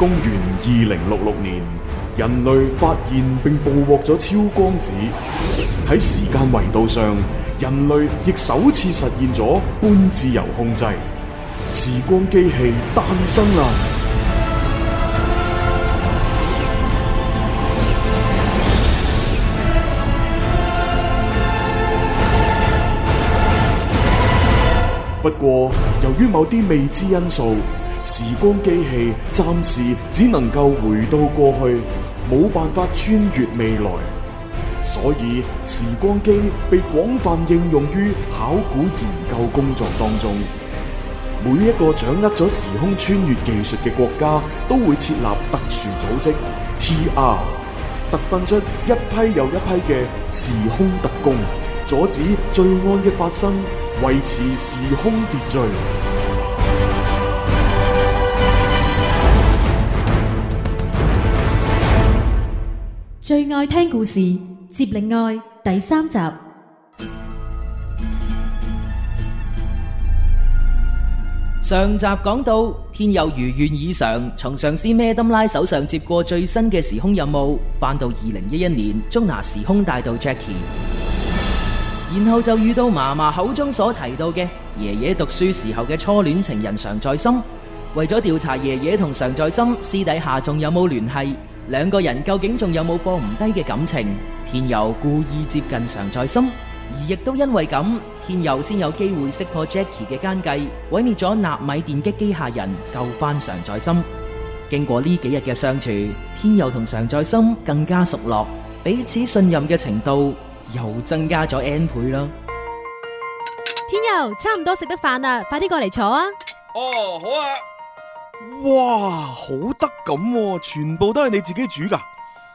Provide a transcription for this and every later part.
公元二零六六年，人類發現並捕獲咗超光子，喺時間維度上，人類亦首次實現咗半自由控制，時光機器誕生啦。不過，由於某啲未知因素。時光機器暫時只能夠回到過去，冇辦法穿越未來，所以時光機被廣泛應用於考古研究工作當中。每一個掌握咗時空穿越技術嘅國家，都會設立特殊組織 TR，特訓出一批又一批嘅時空特工，阻止罪案嘅發生，維持時空秩序。最愛聽故事，接力愛第三集。上集講到天佑如願以償，從上司咩登拉手上接過最新嘅時空任務，返到二零一一年捉拿時空大道 Jackie，然後就遇到嫲嫲口中所提到嘅爺爺讀書時候嘅初戀情人常在心，為咗調查爺爺同常在心私底下仲有冇聯繫。兩個人究竟仲有冇放唔低嘅感情？天佑故意接近常在心，而亦都因為咁，天佑先有機會識破 Jackie 嘅奸計，毀滅咗納米電擊機械人，救翻常在心。經過呢幾日嘅相處，天佑同常在心更加熟絡，彼此信任嘅程度又增加咗 N 倍啦。天佑，差唔多食得飯啦，快啲過嚟坐啊！哦，好啊。哇，好得咁，全部都係你自己煮噶？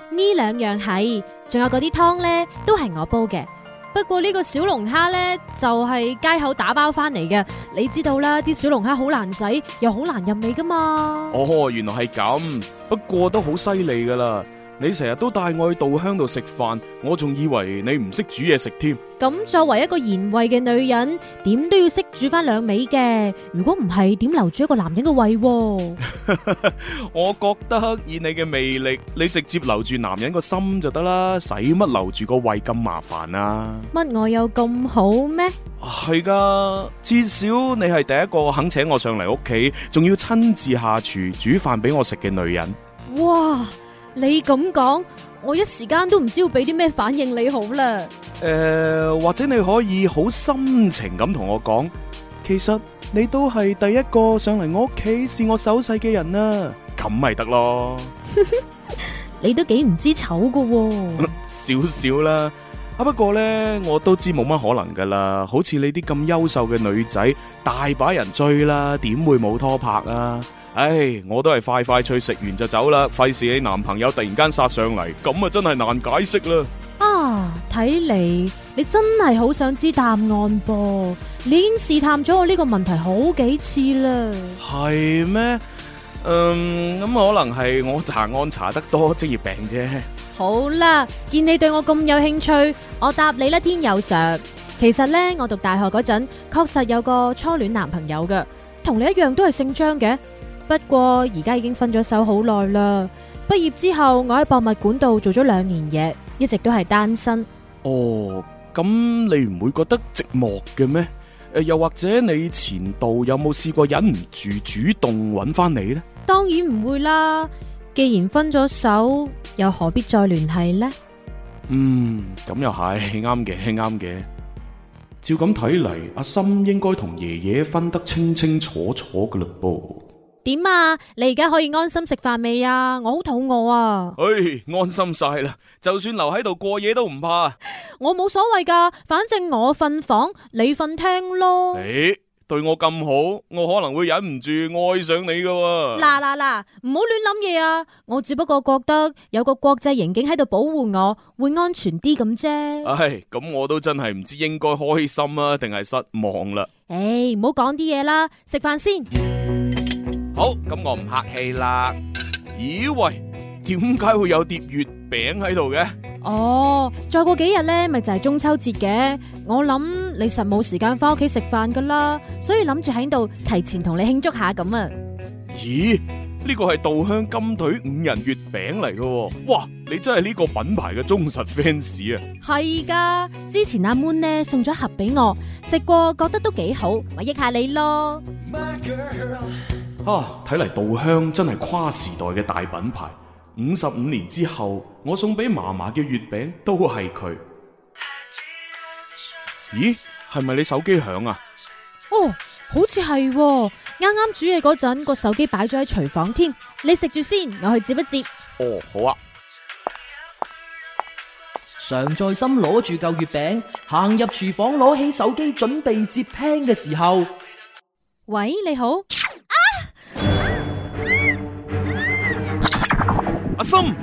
呢兩樣係，仲有嗰啲湯呢，都係我煲嘅。不過呢個小龍蝦呢，就係街口打包翻嚟嘅。你知道啦，啲小龍蝦好難洗，又好難入味噶嘛。哦，原來係咁，不過都好犀利噶啦。你成日都帶我去稻香度食飯，我仲以為你唔識煮嘢食添。咁作為一個賢惠嘅女人，點都要識煮翻兩味嘅。如果唔係，點留住一個男人嘅胃啊？ 我覺得以你嘅魅力，你直接留住男人個心就得啦，使乜留住個胃咁麻煩啊？乜我有咁好咩？係噶，至少你係第一個肯請我上嚟屋企，仲要親自下廚煮飯俾我食嘅女人。哇！你咁講，我一時間都唔知要俾啲咩反應你好啦。誒、呃，或者你可以好深情咁同我講，其實你都係第一個上嚟我屋企試我手勢嘅人啊，咁咪得咯。 你都幾唔知醜噶、哦，少少 啦。啊，不過呢，我都知冇乜可能噶啦。好似你啲咁優秀嘅女仔，大把人追啦，點會冇拖拍啊？唉，我都係快快脆食完就走啦，費事你男朋友突然間殺上嚟，咁啊真係難解釋啦。啊，睇嚟你真係好想知答案噃，你已經試探咗我呢個問題好幾次啦。係咩？嗯，咁可能係我查案查得多，職業病啫。好啦，見你對我咁有興趣，我答你啦。天佑 Sir，其實呢，我讀大學嗰陣確實有個初戀男朋友噶，同你一樣都係姓張嘅。不過而家已經分咗手好耐啦。畢業之後，我喺博物館度做咗兩年嘢，一直都係單身。哦，咁你唔會覺得寂寞嘅咩？誒、呃，又或者你前度有冇試過忍唔住主動揾翻你呢？當然唔會啦，既然分咗手，又何必再聯繫呢？嗯，咁又係啱嘅，啱嘅。照咁睇嚟，阿心應該同爺爺分得清清楚楚嘅嘞噃。點啊！你而家可以安心食飯未啊？我好肚餓啊！唉，安心晒啦，就算留喺度過夜都唔怕。我冇所謂噶，反正我瞓房，你瞓廳咯。誒，對我咁好，我可能會忍唔住愛上你噶喎。嗱嗱嗱，唔好亂諗嘢啊！我只不過覺得有個國際刑警喺度保護我會安全啲咁啫。唉，咁我都真係唔知應該開心啊，定係失望啦。誒，唔好講啲嘢啦，食飯先。好，咁我唔客氣啦。咦喂，點解會有碟月餅喺度嘅？哦，再過幾日咧，咪就係中秋節嘅。我諗你實冇時間翻屋企食飯噶啦，所以諗住喺度提前同你慶祝下咁啊。咦，呢個係稻香金腿五仁月餅嚟噶？哇，你真係呢個品牌嘅忠實 fans 啊！係噶，之前阿 moon 呢，送咗盒俾我，食過覺得都幾好，咪益下你咯。my girl 啊，睇嚟稻香真係跨時代嘅大品牌。五十五年之後，我送俾嫲嫲嘅月餅都係佢。咦，係咪你手機響啊？哦，好似係，哦，啱啱煮嘢嗰陣，個手機擺咗喺廚房添。你食住先，我去接一接。哦，好啊。常在心攞住嚿月餅行入廚房，攞起手機準備接 p 嘅時候，喂，你好。心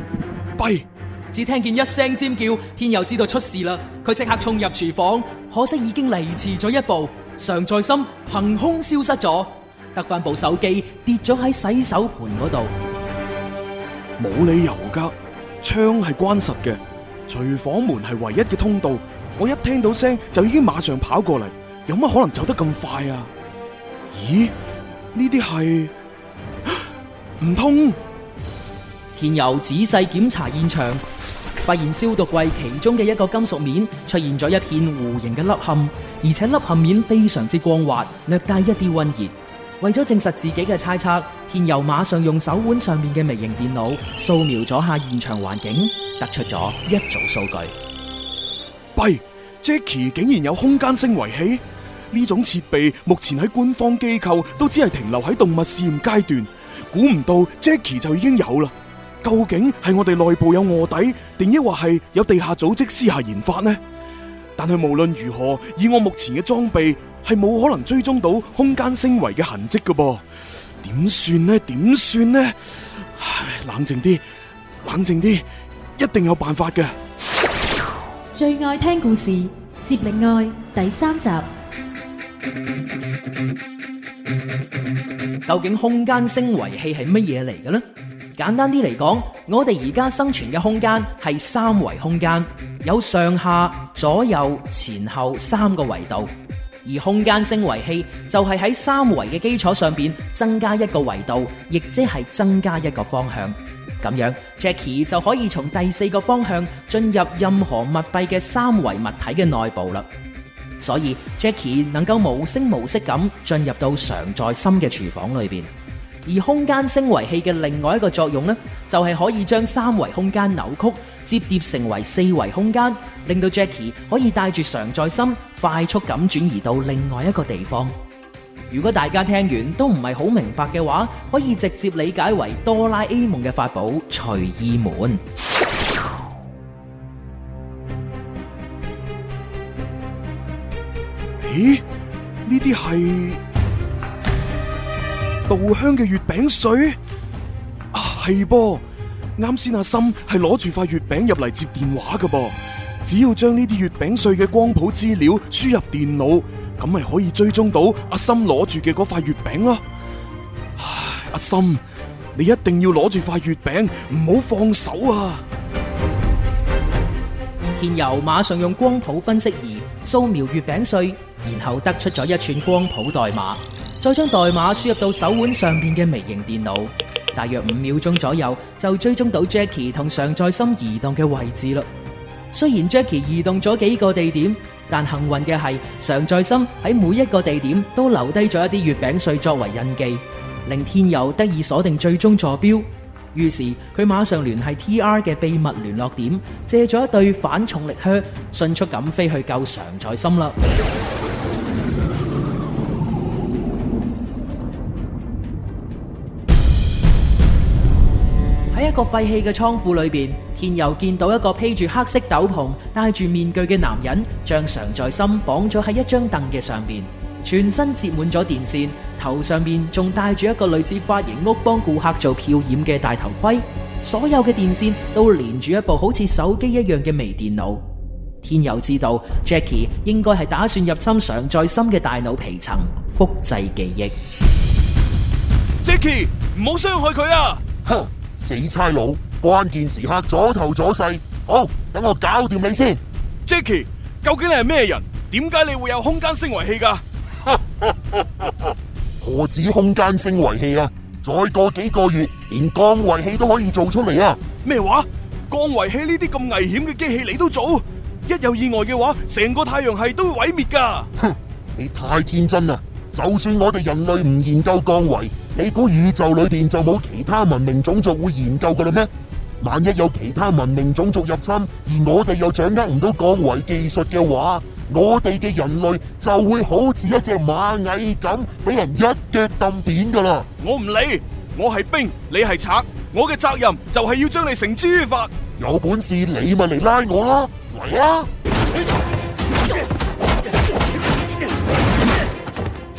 弊，只聽見一聲尖叫，天佑知道出事啦！佢即刻衝入廚房，可惜已經離遲咗一步，常在心憑空消失咗，得返部手機跌咗喺洗手盆嗰度。冇理由㗎，窗係關實嘅，廚房門係唯一嘅通道，我一聽到聲就已經馬上跑過嚟，有乜可能走得咁快啊？咦？呢啲係……唔通？天佑仔細檢查現場，發現消毒櫃其中嘅一個金屬面出現咗一片弧形嘅凹陷，而且凹陷面非常之光滑，略帶一啲溫熱。為咗證實自己嘅猜測，天佑馬上用手腕上面嘅微型電腦掃描咗下現場環境，得出咗一組數據。弊，Jacky 竟然有空間升維器？呢種設備目前喺官方機構都只係停留喺動物試驗階段，估唔到 Jacky 就已經有啦。究竟係我哋內部有臥底，定抑或係有地下組織私下研發呢？但係無論如何，以我目前嘅裝備係冇可能追蹤到空間升維嘅痕跡㗎噃。點算呢？點算呢？唉，冷靜啲，冷靜啲，一定有辦法嘅。最愛聽故事，接力愛第三集。究竟空間升維器係乜嘢嚟嘅呢？簡單啲嚟講，我哋而家生存嘅空間係三維空間，有上下、左右、前後三個維度。而空間升維器就係喺三維嘅基礎上邊增加一個維度，亦即係增加一個方向。咁樣 Jackie 就可以從第四個方向進入任何密閉嘅三維物體嘅內部啦。所以 Jackie 能夠無聲無息咁進入到常在心嘅廚房裏邊。而空間升維器嘅另外一個作用呢，就係、是、可以將三維空間扭曲摺疊成為四維空間，令到 Jackie 可以帶住常在心快速咁轉移到另外一個地方。如果大家聽完都唔係好明白嘅話，可以直接理解為哆啦 A 夢嘅法寶隨意門。咦？呢啲係？故鄉嘅月餅碎啊，係噃！啱先阿心係攞住塊月餅入嚟接電話㗎噃，只要將呢啲月餅碎嘅光譜資料輸入電腦，咁咪可以追蹤到阿心攞住嘅嗰塊月餅咯。唉，阿心，你一定要攞住塊月餅，唔好放手啊！天佑馬上用光譜分析儀掃描月餅碎，然後得出咗一串光譜代碼。再將代碼輸入到手腕上邊嘅微型電腦，大約五秒鐘左右就追蹤到 Jackie 同常在心移動嘅位置啦。雖然 Jackie 移動咗幾個地點，但幸運嘅係常在心喺每一個地點都留低咗一啲月餅碎作為印記，令天佑得以鎖定最終坐標。於是佢馬上聯繫 TR 嘅秘密聯絡點，借咗一對反重力靴，迅速咁飛去救常在心啦。喺一個廢棄嘅倉庫裏邊，天佑見到一個披住黑色斗篷、戴住面具嘅男人，將常在心綁咗喺一張凳嘅上邊，全身接滿咗電線，頭上面仲戴住一個類似髮型屋幫顧客做漂染嘅大頭盔，所有嘅電線都連住一部好似手機一樣嘅微電腦。天佑知道 Jackie 應該係打算入侵常在心嘅大腦皮層，複製記憶。Jackie 唔好傷害佢啊！哼。 死差佬，關鍵時刻阻頭阻勢，好，等我搞掂你先。Jackie，究竟你係咩人？點解你會有空間升維器噶？ 何止空間升維器啊！再過幾個月，連降維器都可以做出嚟啊！咩話？降維器呢啲咁危險嘅機器，你都做？一有意外嘅話，成個太陽系都會毀滅噶！哼， 你太天真啦！就算我哋人類唔研究降維。你估宇宙裏邊就冇其他文明種族會研究噶啦咩？萬一有其他文明種族入侵，而我哋又掌握唔到光維技術嘅話，我哋嘅人類就會好似一隻螞蟻咁俾人一腳抌扁噶啦！我唔理，我係兵，你係賊，我嘅責任就係要將你繩之於法。有本事你咪嚟拉我囉，嚟啊！哎呀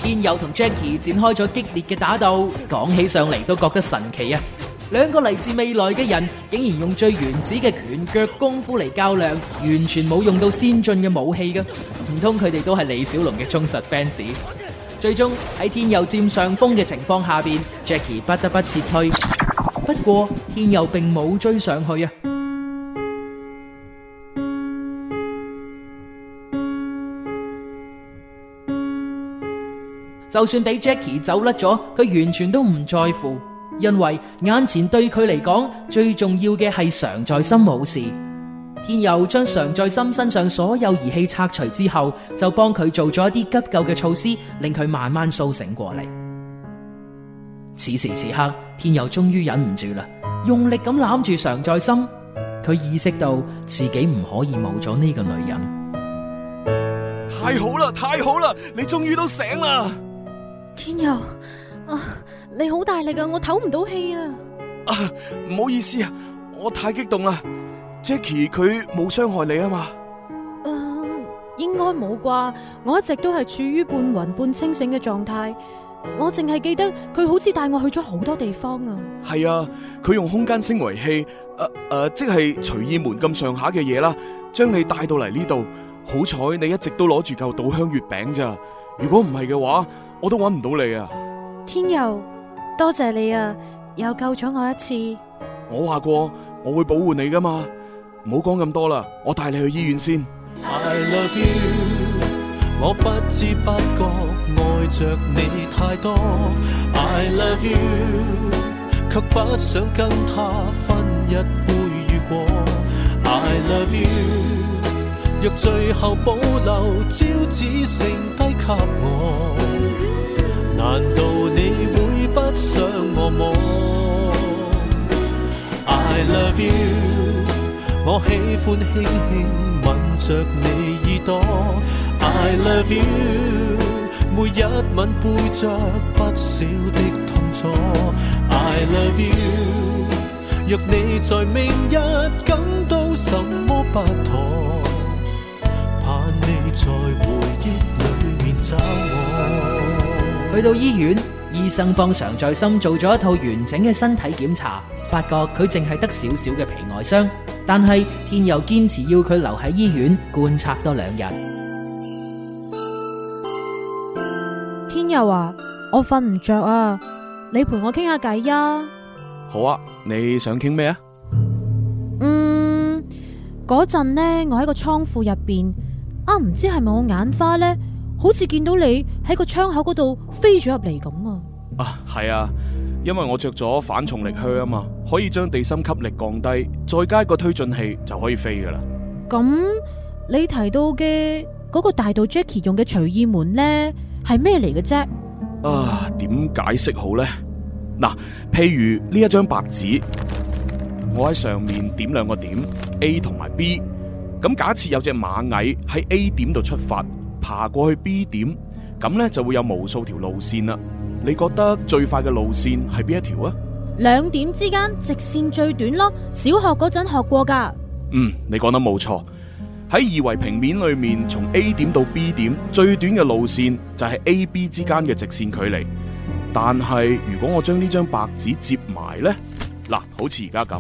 天佑同 Jackie 展開咗激烈嘅打鬥，講起上嚟都覺得神奇啊！兩個嚟自未來嘅人，竟然用最原始嘅拳腳功夫嚟較量，完全冇用到先進嘅武器噶啊，唔通佢哋都係李小龍嘅忠實 fans？最終喺天佑佔上風嘅情況下邊，Jackie 不得不撤退。不過天佑並冇追上去啊。就算俾 Jackie 走甩咗，佢完全都唔在乎，因為眼前對佢嚟講最重要嘅係常在心冇事。天佑將常在心身上所有儀器拆除之後，就幫佢做咗一啲急救嘅措施，令佢慢慢蘇醒過嚟。此時此刻，天佑終於忍唔住啦，用力咁攬住常在心，佢意識到自己唔可以冇咗呢個女人。太好啦，太好啦，你終於都醒啦！天佑啊，你好大力噶、啊，我唞唔到氣啊！唔好意思啊，我太激動啦。Jackie 佢冇傷害你啊嘛？嗯、啊，應該冇啩。我一直都係處於半暈半清醒嘅狀態，我淨係記得佢好似帶我去咗好多地方啊。係啊，佢用空間升維器，誒、啊、誒、啊，即係隨意門咁上下嘅嘢啦，將你帶到嚟呢度。好彩你一直都攞住嚿稻香月餅咋，如果唔係嘅話。我都揾唔到你啊！天佑，多謝你啊，又救咗我一次。我話過我會保護你噶嘛，唔好講咁多啦，我帶你去醫院先。I love you，我不知不覺愛着你太多。I love you，卻不想跟他分一杯遇過。I love you，若最後保留，招只剩低給我。難道你會不想我麼？I love you，我喜歡輕輕吻着你耳朵。I love you，每一吻背着不少的痛楚。I love you，若你在明日感到什麼不妥，盼你在回憶裏面找我。去到醫院，醫生幫常在心做咗一套完整嘅身體檢查，發覺佢淨係得少少嘅皮外傷，但係天佑堅持要佢留喺醫院觀察多兩日。天佑話、啊：我瞓唔着啊，你陪我傾下偈啊。好啊，你想傾咩啊？嗯，嗰陣呢，我喺個倉庫入邊，啊，唔知係咪我眼花呢？好似見到你。喺個窗口嗰度飛咗入嚟咁啊！啊，係啊，因為我着咗反重力靴啊嘛，可以將地心吸力降低，再加一個推進器就可以飛噶啦。咁你提到嘅嗰個大道 Jackie 用嘅隨意門咧，係咩嚟嘅啫？啊，點解釋好咧？嗱，譬如呢一張白紙，我喺上面點兩個點 A 同埋 B，咁假設有隻螞蟻喺 A 點度出發，爬過去 B 點。咁咧就會有無數條路線啦。你覺得最快嘅路線係邊一條啊？兩點之間直線最短咯，小學嗰陣學過噶。嗯，你講得冇錯。喺二維平面裏面，從 A 點到 B 點最短嘅路線就係 A B 之間嘅直線距離。但係如果我將呢張白紙接埋呢，嗱，好似而家咁，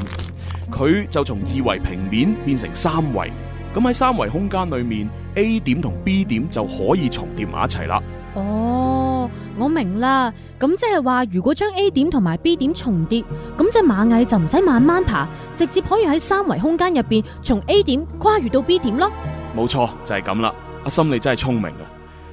佢就從二維平面變成三維。咁喺三維空間裏面。A 點同 B 點就可以重疊埋一齊啦。哦，我明啦。咁即係話，如果將 A 點同埋 B 點重疊，咁隻螞蟻就唔使慢慢爬，直接可以喺三維空間入邊從 A 點跨越到 B 點咯？冇錯，就係咁啦。阿心你真係聰明啊。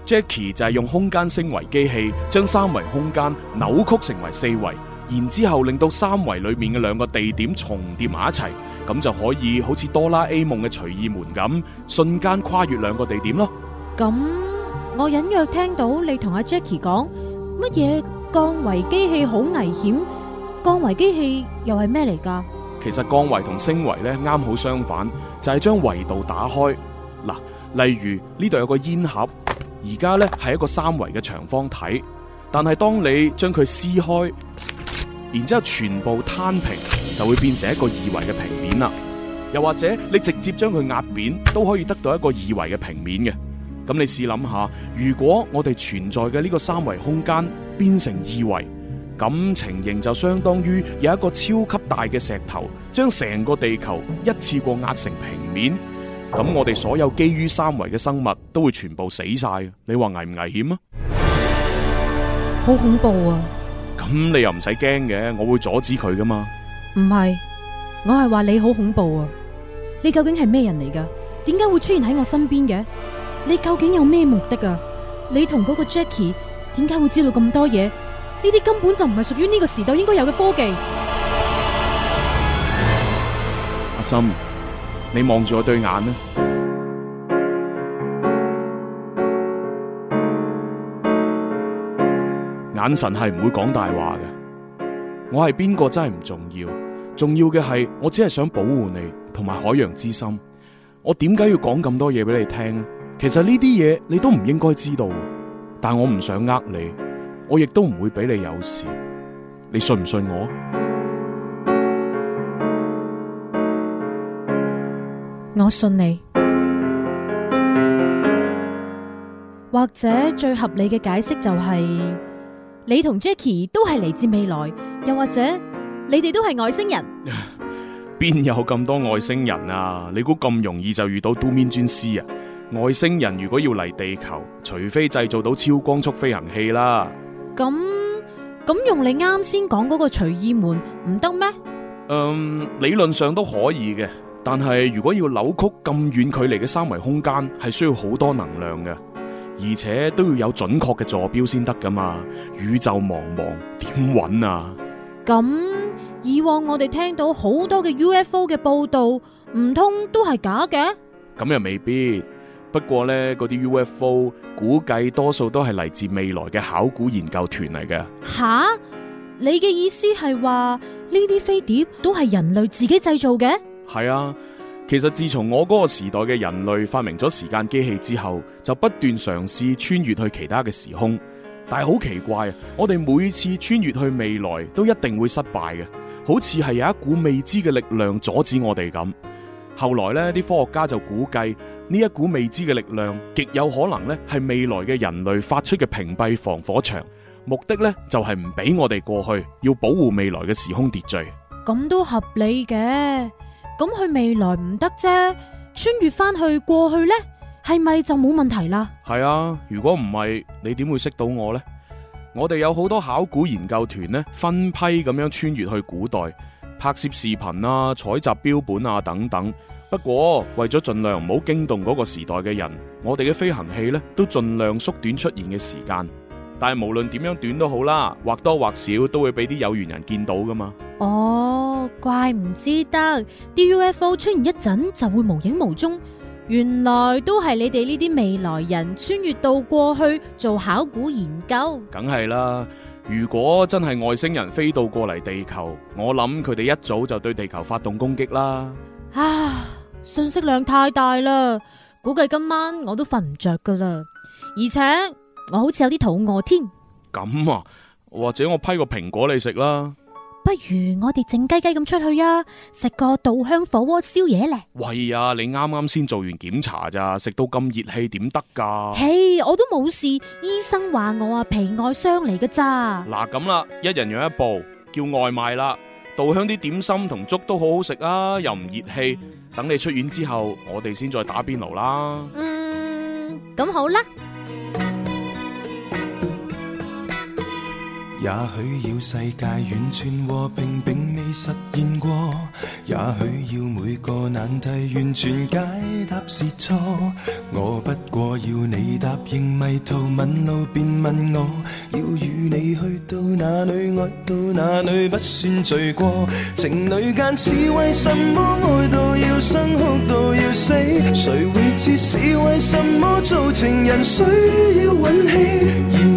Jackie 就係用空間升維機器，將三維空間扭曲成為四維。然之後令到三維裏面嘅兩個地點重疊埋一齊，咁就可以好似哆啦 A 夢嘅隨意門咁，瞬間跨越兩個地點咯。咁我隱約聽到你同阿 Jacky 講乜嘢降維機器好危險，降維機器又係咩嚟㗎？其實降維同升維咧，啱好相反，就係、是、將維度打開嗱。例如呢度有個煙盒，而家咧係一個三維嘅長方體，但係當你將佢撕開。然之後全部攤平，就會變成一個二維嘅平面啦。又或者你直接將佢壓扁，都可以得到一個二維嘅平面嘅。咁你試諗下，如果我哋存在嘅呢個三維空間變成二維，咁情形就相當於有一個超級大嘅石頭，將成個地球一次過壓成平面。咁我哋所有基於三維嘅生物都會全部死晒。你話危唔危險啊？好恐怖啊！咁你又唔使驚嘅，我會阻止佢噶嘛？唔係，我係話你好恐怖啊！你究竟係咩人嚟噶？點解會出現喺我身邊嘅？你究竟有咩目的啊？你同嗰個 Jackie 點解會知道咁多嘢？呢啲根本就唔係屬於呢個時代應該有嘅科技。阿心，你望住我對眼啦。眼神係唔會講大話嘅，我係邊個真係唔重要，重要嘅係我只係想保護你同埋海洋之心。我點解要講咁多嘢俾你聽？其實呢啲嘢你都唔應該知道，但我唔想呃你，我亦都唔會俾你有事。你信唔信我？我信你。或者最合理嘅解釋就係。你同 Jackie 都係嚟自未來又或者你哋都係外星人？邊 有咁多外星人啊？你估咁容易就遇到 Do 面磚師啊？外星人如果要嚟地球，除非製造到超光速飛行器啦。咁咁用你啱先講嗰個隨意門唔得咩？嗯，理論上都可以嘅，但係如果要扭曲咁遠距離嘅三維空間，係需要好多能量嘅。而且都要有準確嘅坐標先得噶嘛，宇宙茫茫，點揾啊？咁以往我哋聽到好多嘅 UFO 嘅報道，唔通都係假嘅？咁又未必。不過呢，嗰啲 UFO 估計多數都係嚟自未來嘅考古研究團嚟嘅。吓，你嘅意思係話呢啲飛碟都係人類自己製造嘅？係啊。其實自從我嗰個時代嘅人類發明咗時間機器之後，就不斷嘗試穿越去其他嘅時空，但係好奇怪啊！我哋每次穿越去未來都一定會失敗嘅，好似係有一股未知嘅力量阻止我哋咁。後來呢啲科學家就估計呢一股未知嘅力量極有可能呢係未來嘅人類發出嘅屏蔽防火牆，目的呢就係唔俾我哋過去，要保護未來嘅時空秩序。咁都合理嘅。咁佢未來唔得啫，穿越翻去過去呢，係咪就冇問題啦？係啊，如果唔係，你點會識到我呢？我哋有好多考古研究團呢，分批咁樣穿越去古代，拍攝視頻啊、採集標本啊等等。不過為咗盡量唔好驚動嗰個時代嘅人，我哋嘅飛行器呢都盡量縮短出現嘅時間。但係無論點樣短都好啦，或多或少都會俾啲有緣人見到噶嘛。哦。怪唔之得，UFO 出現一陣就會無影無蹤，原來都係你哋呢啲未來人穿越到過去做考古研究。梗係啦，如果真係外星人飛到過嚟地球，我諗佢哋一早就對地球發動攻擊啦。啊，信息量太大啦，估計今晚我都瞓唔着噶啦。而且我好似有啲肚餓添。咁啊，或者我批個蘋果你食啦。不如我哋靜雞雞咁出去呀，食個稻香火鍋宵夜咧。喂呀、啊，你啱啱先做完檢查咋，食到咁熱氣點得噶？嘿，hey, 我都冇事，醫生話我啊皮外傷嚟㗎咋。嗱咁啦，一人讓一步，叫外賣啦。稻香啲點心同粥都好好食啊，又唔熱氣。等你出院之後，我哋先再打邊爐啦。嗯，咁好啦。也許要世界完全和平並未實現過，也許要每個難題完全解答是錯。我不過要你答應迷途問路便問我，要與你去到哪裡愛到哪裡不算罪過。情侶間是為什麼愛到要生哭到要死？誰會知是為什麼做情人需要運氣？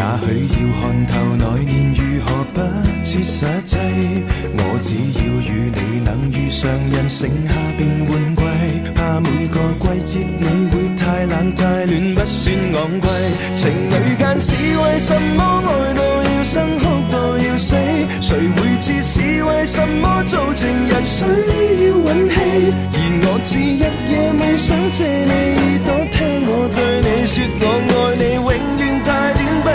也許要看透來年如何不切實際，我只要與你能遇上，人性，下變換季，怕每個季節你會太冷太暖不算昂貴。情侶間是為什麼愛到要生哭到要死，誰會知是為什麼做情人需要運氣？而我只一夜夢想借你耳朵聽我對你說，我愛你。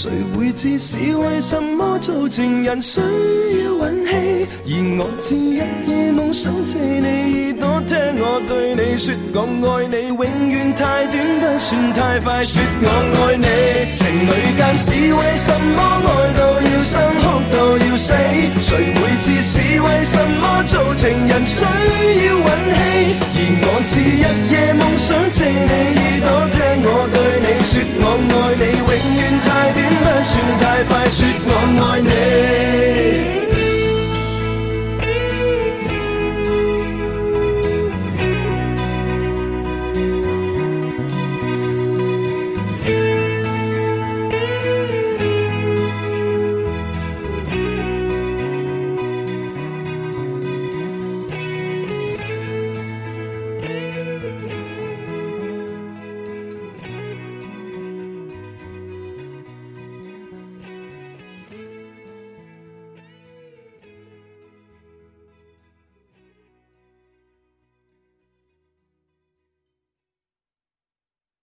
誰會知是為什麼做情人需要運氣？而我只日夜夢想借你耳朵聽我對你說，我愛你，永遠太短不算太快。說我愛你，情侶間是為什麼愛到要生，哭到要死？誰會知是為什麼做情人需要運氣？而我只日夜夢想借你耳朵聽我對你說，我愛你。算太快，說我愛你。